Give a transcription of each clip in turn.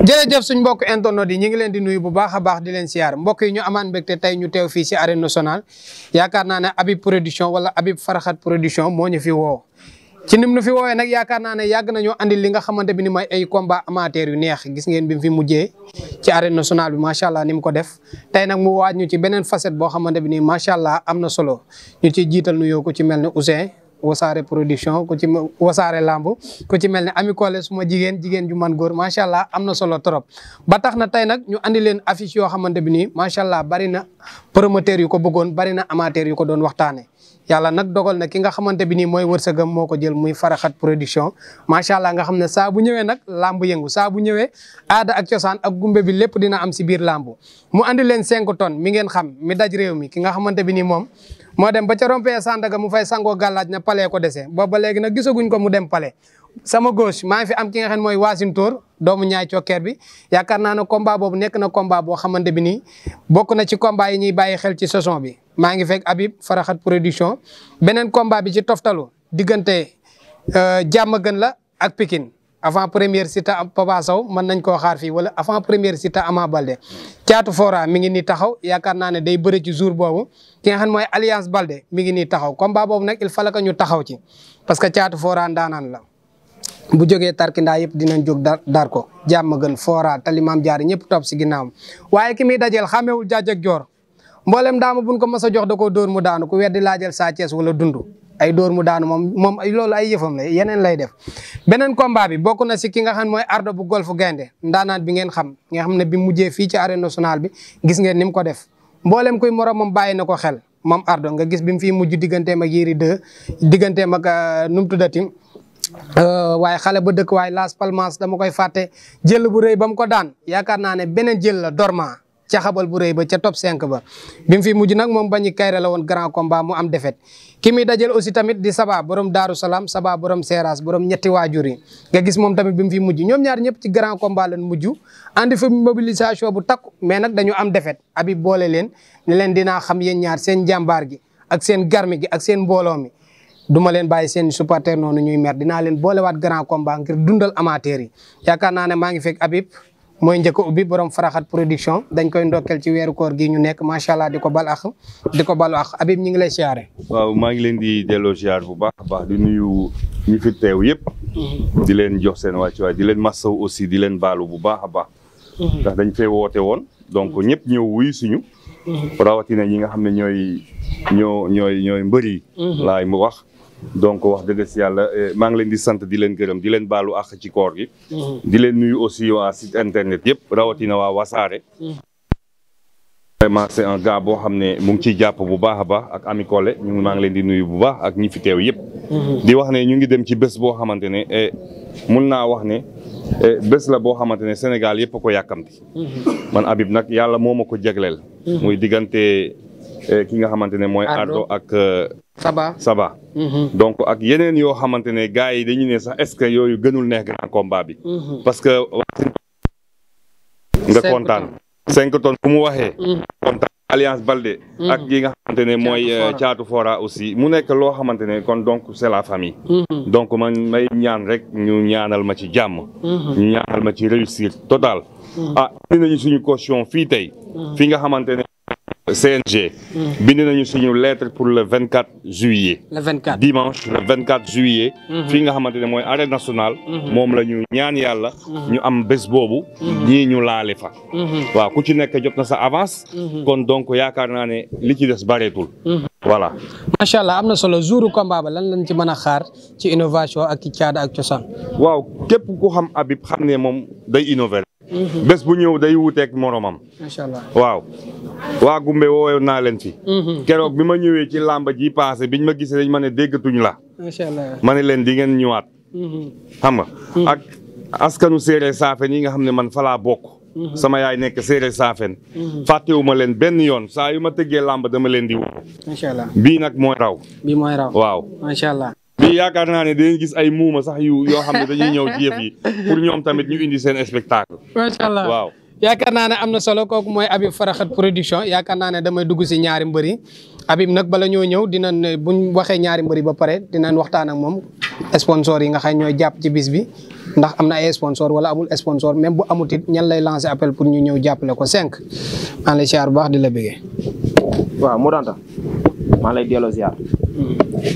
jërëjëf suñ mbokk internet yi ñu ngi leen di nuyu bu baax a baax di leen siyaar mbokk yi ñu amaan mbégte tey ñu teew fii si arène nationale yaakaar naa ne Habib production wala Habib Farxat production moo ñu fi woo ci nim nu fi woowee nag yaakaar naa ne yàgg nañoo andi li nga xamante bi ni mooy ay combat amateur yu neex gis ngeen bi mu fi mujjee ci arène nationale bi macha allah ni mu ko def tey nag mu waaj ñu ci beneen facette boo xamante bi nii macha allah am na solo ñu ciy jiital nuyoo ko ci mel ni Ousseyn wasaare production ku ci wasaare lamb ku ci mel ne Ami Collé suma jigéen jigéen ju man góor macha allah am na solo trop. ba tax na tey nag ñu andi leen affiche yoo xamante bi nii macha allah bari na promoteur yu ko bëggoon bari na amateur yu ko doon waxtaanee. yàlla nag dogal na ki nga xamante bi nii mooy wërsëgam moo ko jël muy faraxat production macha allah nga xam ne saa bu ñëwee nag làmb yëngu saa bu ñëwee aada ak cosaan ak gumbe bi lépp dina am si biir làmb mu andi leen cinq tonnes mi ngeen xam mi daj réew mi ki nga xamante bi nii moom moo dem ba ca rompee Sandaga mu fay sangoo gàllaaj na palee ko dese booba léegi nag gisaguñ ko mu dem pale sama gos maa ngi fi am ki nga xam ne mooy Wassintor doomu ñaay cokkeer bi yaakaar naa ne boobu nekk na combat boo xamante bi nii bokk na ci combat yi ñuy bàyyi xel ci saison bi maa ngi fekk Habib Faraxat production beneen combat bi ci toftalu diggante jàmm euh, gën la ak pikin avant première Siteu Papa Sow mën nañ koo xaar fii wala avant première Siteu Ama Balde caatu Fora mi ngi nii taxaw yaakaar naa ne day bëri ci jour boobu ki nga mooy alliance Balde mi ngi nii taxaw combat boobu nag il fallait que ñu taxaw ci parce que caatu Fora ndaanaan la bu jógee tarkindaa yëpp dinañ jóg dar dar ko jàmm gën Fora tali maam jaar ñëpp topp si ginnaawam waaye ki muy dajeel xàmmewul jaaj ak joor mboolem daama buñ ko mës a jox da koo door mu daanu ku weddi laajal Sa Thiès wala dund ay dóor mu daanu moom moom loolu ay yëfam la yeneen lay def beneen combat bi bokk na si ki nga xam mooy ardo bu golf gaynde ndaanaan bi ngeen xam nga xam ne bi mujjee fii ci arène nationale bi gis ngeen ni mu ko def mboolem kuy morom moom bàyyi na ko xel moom ardo nga gis bi mu fii mujj digganteem ak yéri deux digganteem ak euh, nu mu tuddati euh, waaye xale ba dëkk waaye Las Palmas dama koy fàtte jël bu rëy ba mu ko daan yaakaar naa ne beneen jël la dorma ca xabal bu rëy ba ca top 5 ba bi mu fi mujj nag moom bañi kayre la woon grand combat mu am defet ki muy dajal aussi tamit di Saba borom Daaru Salaam Saba borom Seras borom ñetti waajur yi nga gis moom tamit bi mu fi mujj ñoom ñaar ñëpp ci grand combat lañ mujj andi fa mobilisation bu takk mais nag dañu am defet abi boole leen leen dinaa xam yéen ñaar seen jàmbaar gi ak seen garmi gi ak seen mbooloo mi duma leen bàyyi seen supporter noonu ñuy mer dinaa leen boolewaat grand combat dundal amateur yi yaakaar naa ne maa ngi fekk Habib mooy njëkk ubbi borom faraxat production dañ koy ndokkeel ci weeru koor gi ñu nekk macha allah di ko bal ak di ko balu ak ñu ngi lay siyaare. waaw maa ngi leen di delloo siyaar bu baax a baax di nuyu ñi fi teew yëpp. Mm-hmm. di leen jox seen wàccuwaay di leen massaw aussi di leen baalu bu baax a baax. Mm-hmm. ndax dañ fee woote woon donc mm-hmm. ñëpp ñëw wuyu suñu. rawatina ñi nga xam ne ñooy ñoo ñooy ñooy mbër yi. laay mu wax. donc wax dëgg yàlla eh, maa ngi leen di sant di leen gërëm di leen baalu àq ci koor gi. Mm-hmm. di leen nuyu aussi waa site internet yëpp rawatina waa wasaare. Mm-hmm. vraiment c'est un gars boo xam ne mu ngi ciy jàpp bu baax a baax ak Ami Collé maa ngi leen di nuyu bu baax ak ñi fi teew yëpp. Mm-hmm. di wax ne ñu ngi dem ci bés boo xamante ne eh, mun naa wax ne eh, bés la boo xamante ne Sénégal yëpp a ko yàkkamti. man Habib nag yàlla moo ma ko jagleel. muy diggante ki nga xamante ne mooy. Ardo ak. Saba Saba. Mm-hmm. donc ak yeneen yoo xamante ne gars yi dañu ne sax est-ce que yooyu gënul neex grand combat bi. Mm-hmm. parce que. nga kontaan cinq tonnes fu mu waxee. Mm-hmm. kontaan alliance Balde. ak yi nga xamante ne mooy caatu fora aussi mu nekk loo xamante ne kon donc c'est la famille. donc man may ñaan rek ñu ñaanal ma ci jàmm. ñu ñaanal ma ci réussir total. ah indi nañu suñu caution fii tey. fi nga xamante CNG. bind nañu suñu lettre pour le 24 juillet. le 24 dimanche le 24 juillet. Mhm. fii nga xamante ne mooy arène nationale. Mhm. moom la ñu ñaan yàlla. Mhm. ñu am bés boobu. ñii ñu laale fa. waaw ku ci nekk jot na sa avance. kon donc yaakaar naa ne li ci des bareetul. voilà. macha allah am na solo jouru combat ba lan lañ ci mën a xaar ci innovation ak ci caada ak cosaan. waaw képp ku xam Habib xam ne moom day innover. Mhm. bés bu ñëw day wuteeg moromam. macha allah waaw. waa Gumbe woo naa leen fi. Mhm. keroog bi ma ñëwee ci làmba ji paase biñ ma gisee dañ ma ne déggatuñ la. macha allah ma ne leen di ngeen ñëwaat. Mhm. xam nga. ak askanu séeréer saafen yi nga xam ne man falaa bokk. sama yaay nekk séeréer saafen fàttewuma leen benn yoon saa yu ma tëggee làmb dama leen di woo. bii nag mooy raw. waaw bii yaakaar naa ne dinañ gis ay muuma sax yu yoo xam ne dañuy ñëw ci yëf yi pour ñoom tamit ñu indi seen spectacle. macha allah waaw. yaakaar naa ne am na solo kooku mooy Habib Faraxat production yaakaar naa ne damay dugg si ñaari mbër yi nag bala ñoo ñëw dinañ buñ waxee ñaari mbër yi ba pare dinañ waxtaan ak moom sponsor yi nga xam ñooy jàpp ci bis bi ndax am na ay sponsor wala amul sponsor même bu amut it ñan lay lancé appel pour ñu ñëw jàppale ko cinq maa ngi lay di la bëggee. waaw Mouranta maa lay delloo ziar.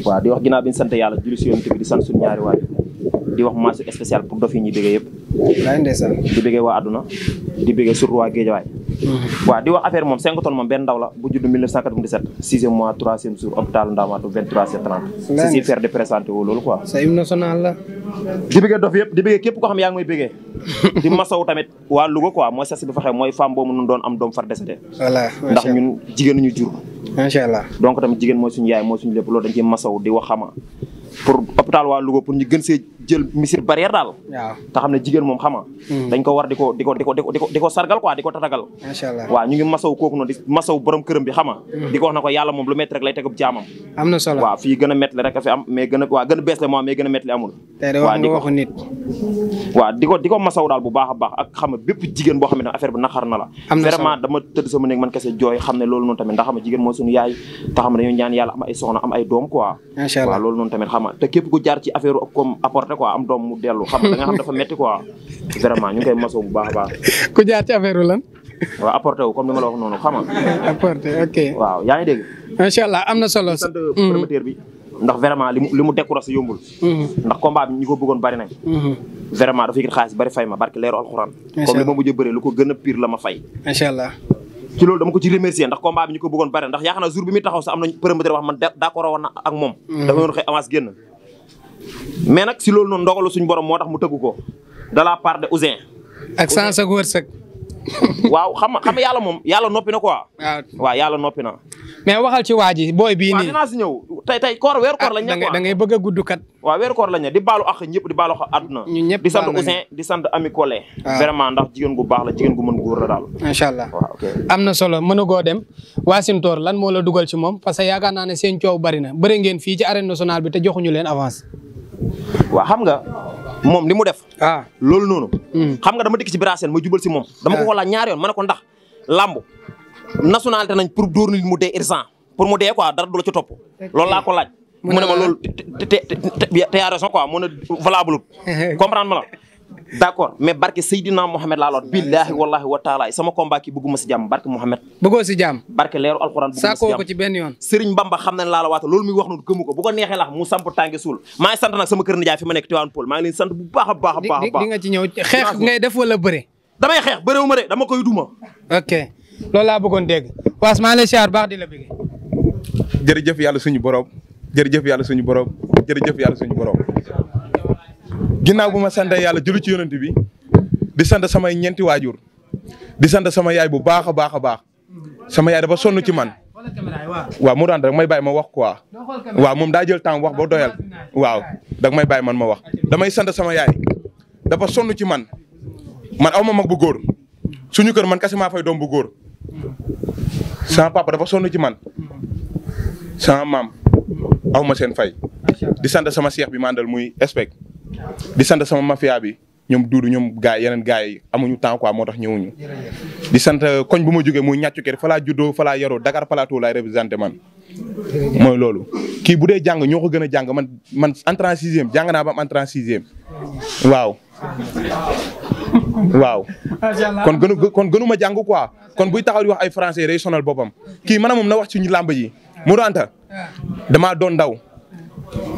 waaw di wax ginnaaw bi ñu sant yàlla julli si yonent bi di sant suñu ñaari waajur di wax mention spéciale pour dof yi ñuy bëggee yëpp di bëggee waa àdduna di bëggee surtout waa géejawaay Mm-hmm. waaw di wax affaire moom 5 tonnes moom benn ndaw la bu judd 1997 sixième mois troisième jour hôpital Ndamatou 23 30 si si faire de présenté di bëggee dof yëpp di bëggee képp koo xam yaa ngi bëggee di masaw tamit waa Louga quoi mooy sas bi fa xew mooy femme boobu nun doon am doom far décédé ndax ñun jigéen ñu jur donc tamit jigéen mooy suñu yaay mooy suñu lépp loolu dañ ci masaw di wax xama pour hôpital waa Louga pour ñu gën see jël misir barrière daal. waaw te xam ne jigéen moom xama hmm. dañ ko war di ko di ko di ko sargal ko tatagal. ñu ngi masaw kooku noonu di masaw borom këram bi xama hmm. di ko wax na moom lu métti rek lay tegub jaamam. am a a fi gën a waa gën a am mais gën a métti amul. tey de wax nga daal bu baax a baax ak xam nga bépp xam ne affaire bi na la. am dama tëdd sama man kese jooy xam ne loolu noonu tamit ndax xam nga jigéen yaay te xam ne ñaan yàlla am ay soxna am ay après quoi am doom mu dellu xam da nga xam dafa métti quoi vraiment ñu ngi koy masoo baax a baax. ku jaar ci affaire lan. waaw apporté wu ma la wax noonu xam nga. Mm. bi. ndax vraiment li mm-hmm. bari mm-hmm. a bëree lu ko gën a pire la ma fay. macha allah. ci dama ko ci remercier ndax combat bi ñi ko bëggoon bari ndax yaakaar jour bi muy taxaw sax am nañ promoteur wax man d'accord woon na ak moom. Mm-hmm. dafa yoon xëy avance génn. mais nag si loolu noonu ndogalu suñu borom moo tax mu tëggu ko de la part de Ouzin. ak sans ak wërsëg. waaw xam xam yàlla moom yàlla noppi na quoi. Ah. waaw waaw noppi na. mais waxal ci waa ji booy bii nii waaw dinaa si ñëw tey tey koor weeru koor ah, lañ. gudd kat. waaw weeru koor lañ di baalu ak ñëpp di baalu ak àdduna. ñun ñëpp di sant Ouzin di sant Ami Collé. Ah. vraiment ndax jigéen gu baax la jigéen gu mën góor la daal. macha allah am na solo mënagoo dem Wassintor lan moo la dugal ci moom parce que yaakaar naa ne seen coow bari na bëri ngeen fii ci arène nationale bi te leen avance. waaw xam nga moom li mu def. ah loolu noonu. xam nga dama dikk ci Birasène ma jubal si moom. dama ko xoolaa ñaari yoon ma ne ko ndax làmb nationalité nañ pour dóor nit mu dee irsan pour mu dee quoi dara du la ci topp. loolu laa ko laaj. mu ne ma loolu te te te te yaa raison quoi mu ne valable ma la. d'accord mais barke Seydina Mohamed laa lool billaahi wallaahi wa taala sama combat ki bëgguma si jàmm barke Mohamed bëggoo si jàmm barke leeru alxuraan bëgguma ci benn yoon Serigne Bamba xam na ne laa waata loolu muy wax noonu gëmu ko neexee lax mu samp tànge suul maa ngi nag sama kër nijaay fi ma nekk Tivaouane Peulh maa ngi leen sant bu baax a baax a baax di nga ci ñëw xeex ngay def dégg waas maa ngi lay siyaar baax di la bëgg jërëjëf yàlla suñu borom jërëjëf yàlla suñu borom jërëjëf yàlla suñu borom ginnaaw bu ma sante yàlla jëlu ci yonent bi di sant samay ñeenti waajur di sant sama yaay bu baax a baax a baax sama yaay dafa sonn ci man waaw mu daan may bàyyi ma wax quoi waaw moom daa jël temps wax ba doyal waaw dag may bàyyi man ma wax damay sant sama yaay dafa sonn ci man man aw ma mag bu góor suñu kër man kese maa fay doom bu góor sama papa dafa sonn ci man sama maam aw ma seen fay di sant sama seex bi mandal muy respect di sant sama mafia bi ñoom duudu ñoom gaay yeneen gaay yi amuñu temps quoi moo tax ñëwuñu. di sant koñ bu ma jógee muy ñàccu kër fa laa juddoo fa laa yaroo Dakar Plateau laay représenté mooy loolu kii bu dee jàng ñoo ko gën a jàng man man entrée en sixième jàng naa ba am entrée en sixième waaw. kon gënu kon gënuma jàng ko kon buy taxaw di wax ay français rey sonal boppam kii man moom na wax ci ñu làmb ji mu doon damaa doon ndaw.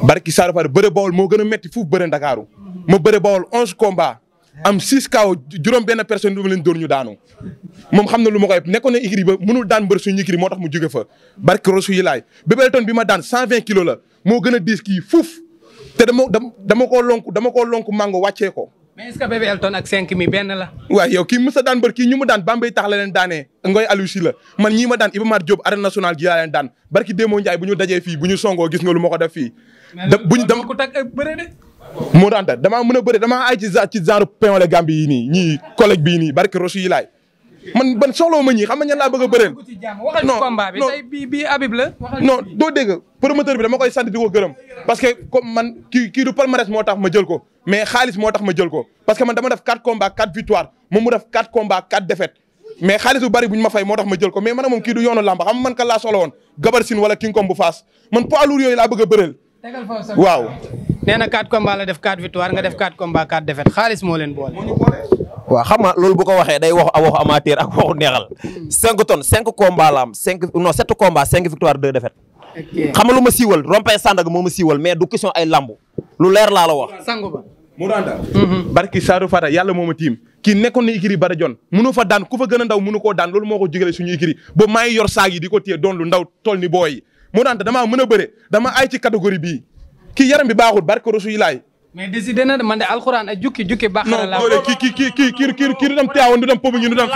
barki Saara Fall bëre Bawol moo gën a métti fuuf bëre Ndakaaru ma bëre Bawol onze combats am six kaw juróom benn personne du ma leen doon ñu daanu moom xam na lu ma koy nekkoon na igri ba mënul daan mbër suñu moo tax mu jóge fa barki rosu yi laay Bébé Elton bi ma daan cent vingt kilos la moo gën a diis kii fuuf te dama dama koo lonku dama ko lonku mango wàccee ko mais est-ce que bébé Elton ak 5 mi benn la. waaw yow kii Moussa daan bër kii ñu mu daan Bambey tax la leen Ngoy Aliou man ñii ma daan Iba Mar Diop arène nationale gi laa leen daan bu ñu dajee fii bu ñu songoo gis nga lu ma ko da bu damaa mën a bëre damaa ay ci ci genre Pagnol Gambie yi nii ñii collègue bii nii barki Rosu yi man ban soxlawu ma ñii xam nga ñan laa bëgg a bëreel. non non bi dama koy sant gërëm. parce que comme man moo tax ma jël ko mais xaalis moo tax ma ko parce que man dama def 4 combats 4 victoires moom mu def 4 combats 4 mais xaalis bu bari bu ñu ma fay moo tax ma ko mais man moom kii du yoonu xam man kan soxla woon gabar sin wala king kong man poids yooyu laa bëgg a waaw. nee na 4 combats la def 4 victoire nga def 4 combats 4 défaites xaalis moo leen boole. waaw xam nga loolu bu ko waxee day wax waxu amateur ak waxu neexal. 5 tonnes 5 combats la am 5 non 7 combats 5 victoire 2 défaites. xam nga lu ma siiwal rompé Sandaga moo a siiwal mais du question ay lambu. lu leer laa la wax. sangu ba mu daanda mm-hmm. barki Saadu tiim. kii nekkoon na ikiri bara jon mënu fa daan ku fa gën a ndaw mënu koo daan loolu moo ko jugale suñu ikiri ba maa yi ko téye doon lu ndaw toll ni booy moo daan damaa mën a bëre dama ay ci catégorie bii kii yaram bi baaxul barke Rasulillah mais décidé na man de alxuraan ak jukki jukki baax na la non ki ki ki du dem pobu ngi du dem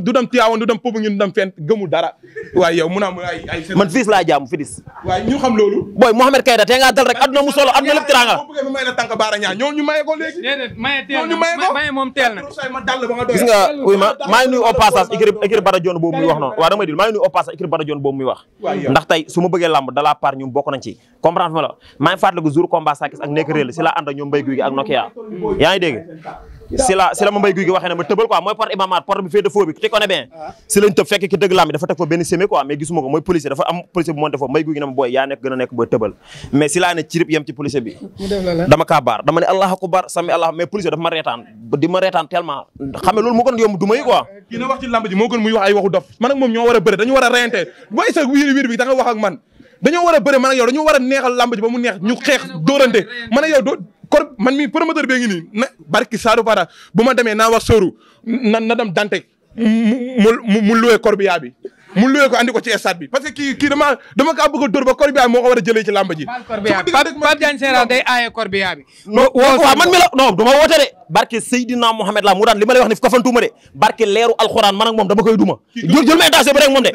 du gëmul dara man fils laa jaam fils waaye ñu Kayda tey dal rek aduna mu aduna lépp tiraanga gis nga oui ma maa ngi nuyu au passage écrit écrit Bada muy wax noonu waaw damay dil maa ngi nuyu au passage écrit Bada muy wax ndax su ma bëggee làmb de la part bokk nañ ci comprendre ma la maa ngi jour combat sakis ak nekk réel si laa ànd ak ñoom mbéy guy ak Nokia mm. yaa ngi si la la ma mbéy guy gi waxee ne ma tëbal quoi mooy porte Iba Mar porte bi fee de foo bi te connais bien ah. si tëb fekk ki dëgg laam dafa teg fa benn semé quoi mais gisuma ko mooy policier dafa am policier bu monté foofu dama kaa baar dama ne allah akbar sami allah mais policier dafa ma reetaan di ma reetaan tellement moo gën yomb du may quoi kii wax ci lamb ji moo gën muy wax ay waxu dof man moom ñoo war a dañu war a reyante booy wiir wiir bi da nga man kor man mii promoteur bee ngi nii na barki Sadou Fara bu ma demee naa wax sóoru na na dem Dantec mu mu mu luwee corbillard bi mu luwee ko andi ko ci stade bi parce que kii kii dama dama kaa bëgg ba dóor ba corbillard moo ko war a jëlee ci làmb ji. Pape Diagne Sénégal day aaye corbillard bi. waaw man mi la non du ma woote de. barke Seydina Mohamed laa mu daan li ma lay wax ni kafantuuma de barke leeru alxuraan man ak dama koy duma jël ma intention bi rek moom de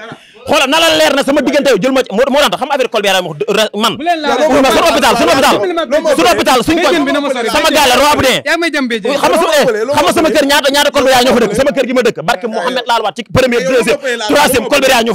xoolal na leer na sama diggante jël ma moo daan tax xam affaire man sun hôpital sun hôpital sun hôpital sama gaale roab de xam sama eh, kër ñaata ñaata yaa ñoo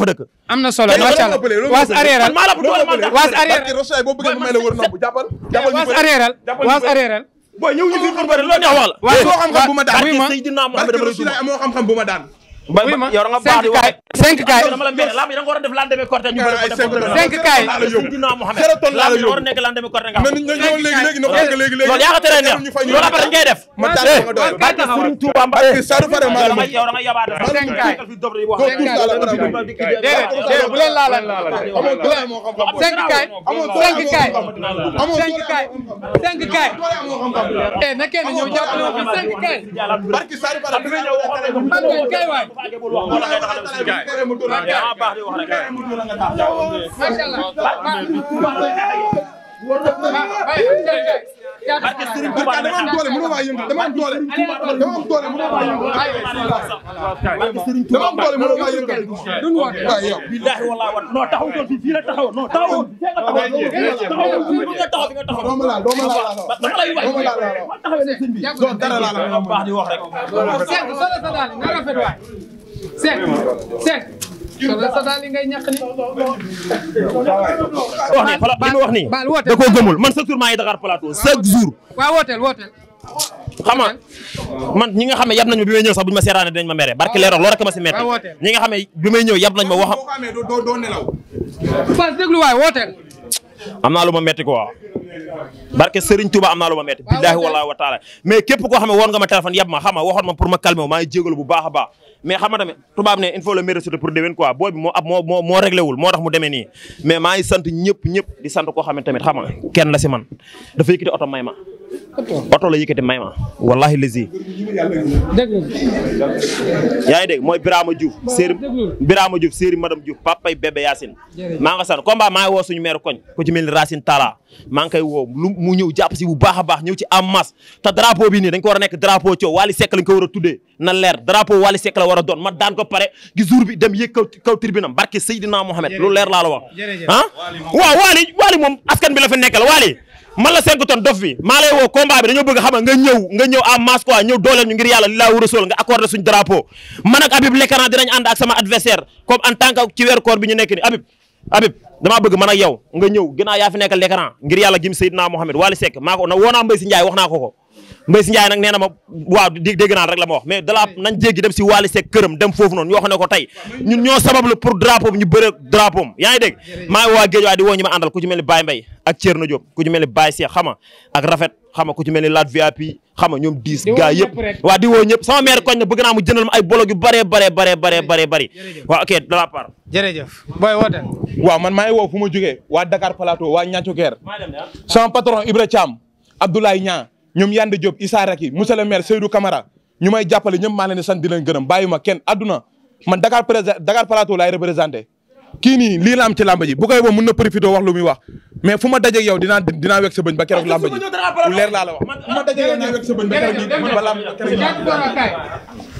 fa dëkk booy ñëw ñu fii pour bëri loo neex wax la. waaye soo xam-xam bu ma daan. oui ma barke Seydina Mohamed dama la duma moo xam-xam bu ma daan. mbay ma yow nga baax di wax cinq kaay lamb yi da nga war a def lendemain cortège ñu bëri ko def cinq kaay dina Mohamed lamb yi war a nekk lendemain cortège nga léegi léegi léegi loolu yaa ko teree neex loolu après dañ koy def ma ta nga doy barke Serigne Touba Mbacké saru fare ma la yow da nga yabaat cinq kaay bu leen laala amul doole moo xam xam cinq kaay amul cinq kaay amul cinq kaay cinq kaay eh na kenn ñëw jàpp na cinq kaay barke saru fare ma la wax parce que Serigne Touba dama am doole mënoo maa yëngal dama am doole. dama am doole mënoo maa yëngal. parce que Serigne Touba dama am doole mënoo maa yëngal. waaw yow. billahi wallahi wan non taxaw doon fii fii la taxaw non taxaw. taxaw nga taxaw. doo ma laal doo ma laal doo ma laal doo ma laal waaw. doo dara laal la. baax di wax rek. Seck soo la sa daal nga rafet waay. Seck Seck. sa li ngay ñàkk nii. wax ni fala li mu wax nii. baal wooteel da koo gëmul man chaque jour maa ngi Dakar plateau chaque jour. waaw wooteel wooteel. xam nga man ñi xam ne yab nañ ma bi may ñëw sax buñ ma seeraane dinañ ma mere barke leeroog loolu rek ma si metti ñi nga bi may ñëw yab nañ ma wax. Fass waay wooteel. am na lu ma metti quoi barke Serigne Touba am naa lu ma metti billaahi wallaahi wa taala mais képp koo xam ne woon nga ma téléphone yab ma xam nga waxoon ma pour ma calmer wu maa bu baax a baax mais xam nga tamit tubaab ne il faut le mériter pour déwén quoi boobu moo ab moo moo moo réglé wul moo tax mu demee nii mais maa ngi sant ñëpp ñëpp di sant koo xam ne tamit xam nga kenn la si man dafa yëkkati oto may oto la yëkkati may ma wallaahi lazi. dëgg yaa ngi dégg mooy Birama Diouf Serigne Birama Diouf Serigne madame Diouf papay bébé Yacine. maa nga san combat maa ngi woo suñu maire koñ ku ci mel ni Racine Talla maa ngi koy woo lu mu ñëw jàpp si bu baax a baax ñëw ci am masse ta drapeau bi nii dañ ko war a nekk drapeau coow Wally Seck lañ ko war a tuddee na leer drapeau Wally Seck la war a ma daan ko pare gi jour bi dem yëg kaw kaw tribunam barke Seydina Mohamed lu leer laa la wax ah waaw askan bi la fa nekkal man la 5 tonnes dof bi maa lay woo combat bi dañoo bëgg nga ñëw nga ñëw en masse quoi ñëw dooleel ñu ngir yàlla laa war a sol nga accordé suñu drapeau man Habib Lekran dinañ ànd ak sama adversaire comme en tant que ci weer koor Habib Habib damaa bëgg man ak nga ñëw ginnaaw yaa fi nekk Lekran gim Seydina Mohamed Wally Seck maa ko na woo naa Mbaye si Ndiaye Mbaye si Ndiaye nag nee ma waaw dégg naa rek la ma wax mais dalaa nañ jéggi dem si Wally Seck këram dem foofu noonu ñoo ne ko tey ñun ñoo sabablu pour drapeau bi ñu bëre drapeau am yaa maa ngi waa géej waay di woo ma àndal ku ci mel ni Baye Mbaye ak Thierno Diop ku ci mel ni Baye Seck xama ak rafet xama ku ci mel ni Lat VIP xama ñoom diis gars yëpp waaw di woo sama maire koñ na bëgg naa mu jëndal ma ay bolog yu bare bare bare bare bare bëri waaw ok de la waaw man maa woo ma jógee waa Dakar waa Ñaccu Kër ah. sama patron Ibra Thiam Abdoulaye ñoom Yande Diop Issa Racky monsieur le maire Seydou Camara ñu may jàppale ñëpp maa leen di sant di leen gërëm bàyyi ma kenn adduna man Dakar présen Dakar Plateau laay kii nii lii la am ci làmb ji bu koy woo mën na profité wax lu muy wax mais fu ma dajeeg yow dinaa dinaa wegg sa bëñ ba keroog làmb ji leer laa la wax fu ma dajeeg yow